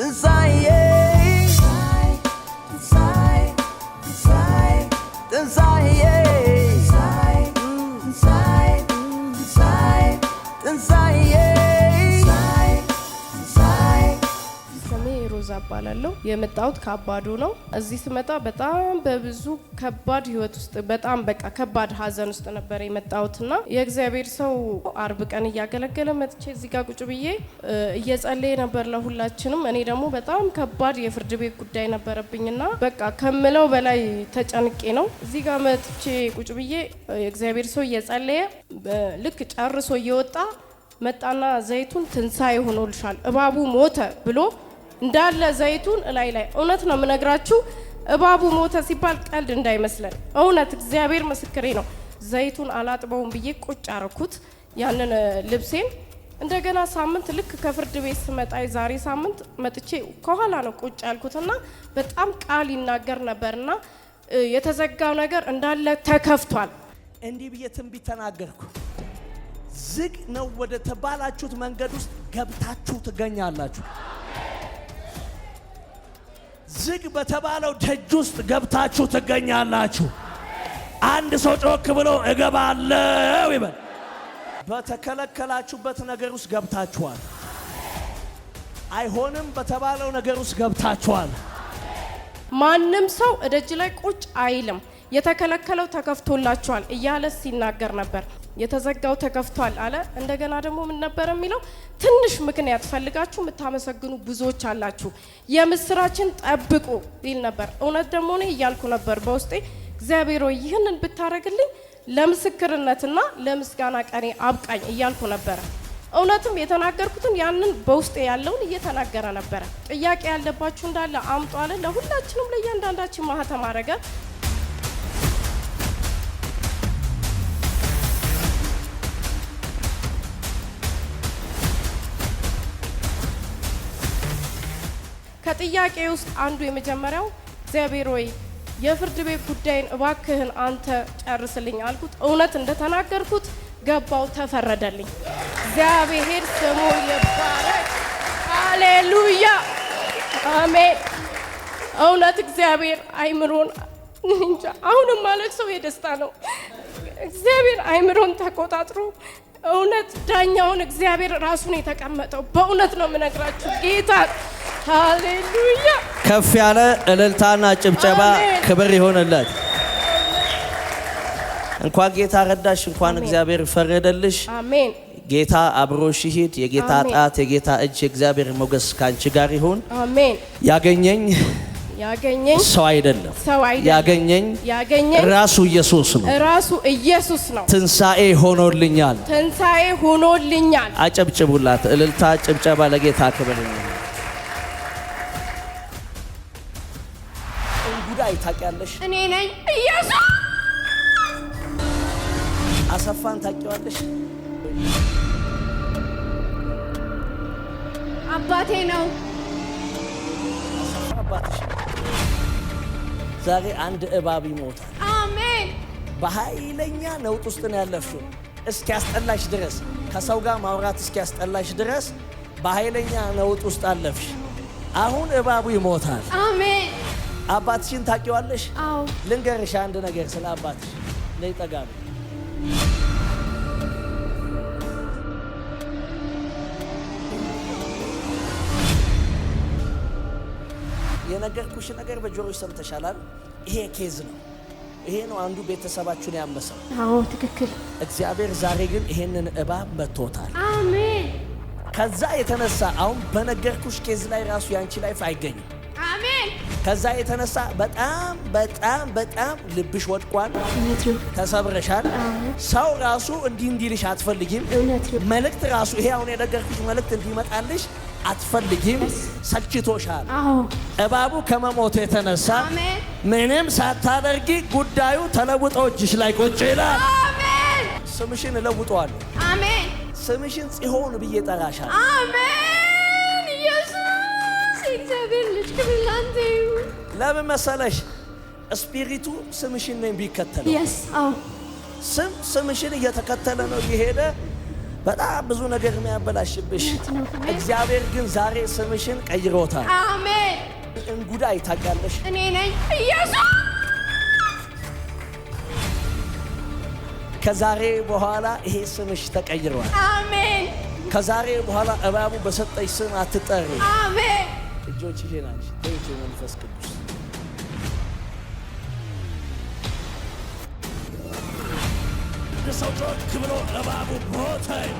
desire, desire, desire, desire. ሮዛ እባላለሁ። የመጣሁት ከአባዶ ነው። እዚህ ስመጣ በጣም በብዙ ከባድ ህይወት ውስጥ በጣም በቃ ከባድ ሀዘን ውስጥ ነበር የመጣሁትና የእግዚአብሔር ሰው አርብ ቀን እያገለገለ መጥቼ እዚህ ጋር ቁጭ ብዬ እየጸለየ ነበር ለሁላችንም። እኔ ደግሞ በጣም ከባድ የፍርድ ቤት ጉዳይ ነበረብኝና በቃ ከምለው በላይ ተጨንቄ ነው እዚህ ጋር መጥቼ ቁጭ ብዬ የእግዚአብሔር ሰው እየጸለየ ልክ ጨርሶ እየወጣ መጣና ዘይቱን ትንሣኤ ሆኖልሻል፣ እባቡ ሞተ ብሎ እንዳለ ዘይቱን እላይ ላይ እውነት ነው የምነግራችሁ። እባቡ ሞተ ሲባል ቀልድ እንዳይመስለን፣ እውነት እግዚአብሔር ምስክሬ ነው። ዘይቱን አላጥበውን ብዬ ቁጭ አረኩት ያንን ልብሴን። እንደገና ሳምንት ልክ ከፍርድ ቤት ስመጣ ዛሬ ሳምንት መጥቼ ከኋላ ነው ቁጭ ያልኩትና በጣም ቃል ይናገር ነበርና የተዘጋው ነገር እንዳለ ተከፍቷል። እንዲህ ብዬ ትንቢት ተናገርኩ። ዝግ ነው ወደ ተባላችሁት መንገድ ውስጥ ገብታችሁ ትገኛላችሁ። ዝግ በተባለው ደጅ ውስጥ ገብታችሁ ትገኛላችሁ። አንድ ሰው ጮክ ብሎ እገባለሁ ይበል። በተከለከላችሁበት ነገር ውስጥ ገብታችኋል። አይሆንም በተባለው ነገር ውስጥ ገብታችኋል። ማንም ሰው እደጅ ላይ ቁጭ አይልም፣ የተከለከለው ተከፍቶላችኋል እያለ ሲናገር ነበር። የተዘጋው ተከፍቷል አለ። እንደገና ደግሞ ምን ነበር የሚለው? ትንሽ ምክንያት ፈልጋችሁ የምታመሰግኑ ብዙዎች አላችሁ፣ የምስራችን ጠብቁ ይል ነበር። እውነት ደግሞ እኔ እያልኩ ነበር በውስጤ እግዚአብሔር ሆይ ይህንን ብታደርግልኝ ለምስክርነትና ለምስጋና ቀኔ አብቃኝ እያልኩ ነበረ። እውነትም የተናገርኩትን ያንን በውስጤ ያለውን እየተናገረ ነበረ። ጥያቄ ያለባችሁ እንዳለ አምጧለ ለሁላችንም ለእያንዳንዳችን ማህተም አረገ። ከጥያቄ ውስጥ አንዱ የመጀመሪያው እግዚአብሔር ወይ የፍርድ ቤት ጉዳይን እባክህን አንተ ጨርስልኝ አልኩት። እውነት እንደተናገርኩት ገባው፣ ተፈረደልኝ። እግዚአብሔር ስሙ ይባረክ። ሃሌሉያ አሜን። እውነት እግዚአብሔር አይምሮን እንጃ። አሁንም ማለት ሰው የደስታ ነው። እግዚአብሔር አይምሮን ተቆጣጥሮ እውነት ዳኛውን እግዚአብሔር ራሱን የተቀመጠው በእውነት ነው የምነግራችሁ ጌታ ሃሌሉያ! ከፍ ያለ እልልታና ጭብጨባ ክብር ይሆንለት። እንኳን ጌታ ረዳሽ፣ እንኳን እግዚአብሔር ፈረደልሽ። አሜን። ጌታ አብሮሽ ይሂድ። የጌታ ጣት፣ የጌታ እጅ፣ የእግዚአብሔር ሞገስ ካንቺ ጋር ይሁን። አሜን። ያገኘኝ ያገኘኝ ሰው አይደለም፣ ያገኘኝ ራሱ ኢየሱስ ነው። ራሱ ኢየሱስ ነው። ትንሳኤ ሆኖልኛል፣ ትንሳኤ ሆኖልኛል። አጨብጭቡላት። እልልታ ጭብጨባ ለጌታ ክብር ጉዳይ ታውቂያለሽ? እኔ ነኝ እያሱ አሰፋን ታውቂዋለሽ? አባቴ ነው። አባትሽ ዛሬ አንድ እባብ ይሞታል። አሜን። በኃይለኛ ነውጥ ውስጥ ነው ያለፍሽው። እስኪያስጠላሽ ድረስ ከሰው ጋር ማውራት እስኪያስጠላሽ ድረስ በኃይለኛ ነውጥ ውስጥ አለፍሽ። አሁን እባቡ ይሞታል። አባትሽን ታውቂዋለሽ? አዎ። ልንገርሽ አንድ ነገር ስለ አባትሽ። ነይ ጠጋ በይ። የነገርኩሽ ነገር በጆሮሽ ሰምተሻላል። ይሄ ኬዝ ነው። ይሄ ነው አንዱ ቤተሰባችሁን ያመሰው። አዎ ትክክል። እግዚአብሔር ዛሬ ግን ይሄንን እባብ መቶታል። አሜን። ከዛ የተነሳ አሁን በነገርኩሽ ኬዝ ላይ ራሱ ያንቺ ላይፍ አይገኝም። ከዛ የተነሳ በጣም በጣም በጣም ልብሽ ወድቋል። ተሰብረሻል። ሰው ራሱ እንዲህ እንዲልሽ አትፈልጊም። መልእክት ራሱ ይሄ አሁን የነገርኩሽ መልእክት እንዲመጣልሽ አትፈልጊም። ሰልችቶሻል። እባቡ ከመሞቱ የተነሳ ምንም ሳታደርጊ ጉዳዩ ተለውጦችሽ ላይ ቁጭ ይላል። ስምሽን እለውጠዋለሁ። ስምሽን ጽሆን ብዬ ጠራሻል። እግዚአብሔር ልጅ ክብር ላንተ ይሁን። ለምን መሰለሽ ስፒሪቱ ስምሽን ነው የሚከተለው። ስም ስምሽን እየተከተለ ነው እየሄደ በጣም ብዙ ነገር የሚያበላሽብሽ። እግዚአብሔር ግን ዛሬ ስምሽን ቀይሮታል። አሜን። እንጉዳይ ታውቂያለሽ? እኔ ነኝ ኢየሱስ። ከዛሬ በኋላ ይሄ ስምሽ ተቀይሯል። አሜን። ከዛሬ በኋላ እባቡ በሰጠሽ ስም አትጠሪ። አሜን። እጆች ይዤ ናንሽ ቴንኪ መንፈስ ቅዱስ ሰው ጆች ብሎ እባቡ ሞተይ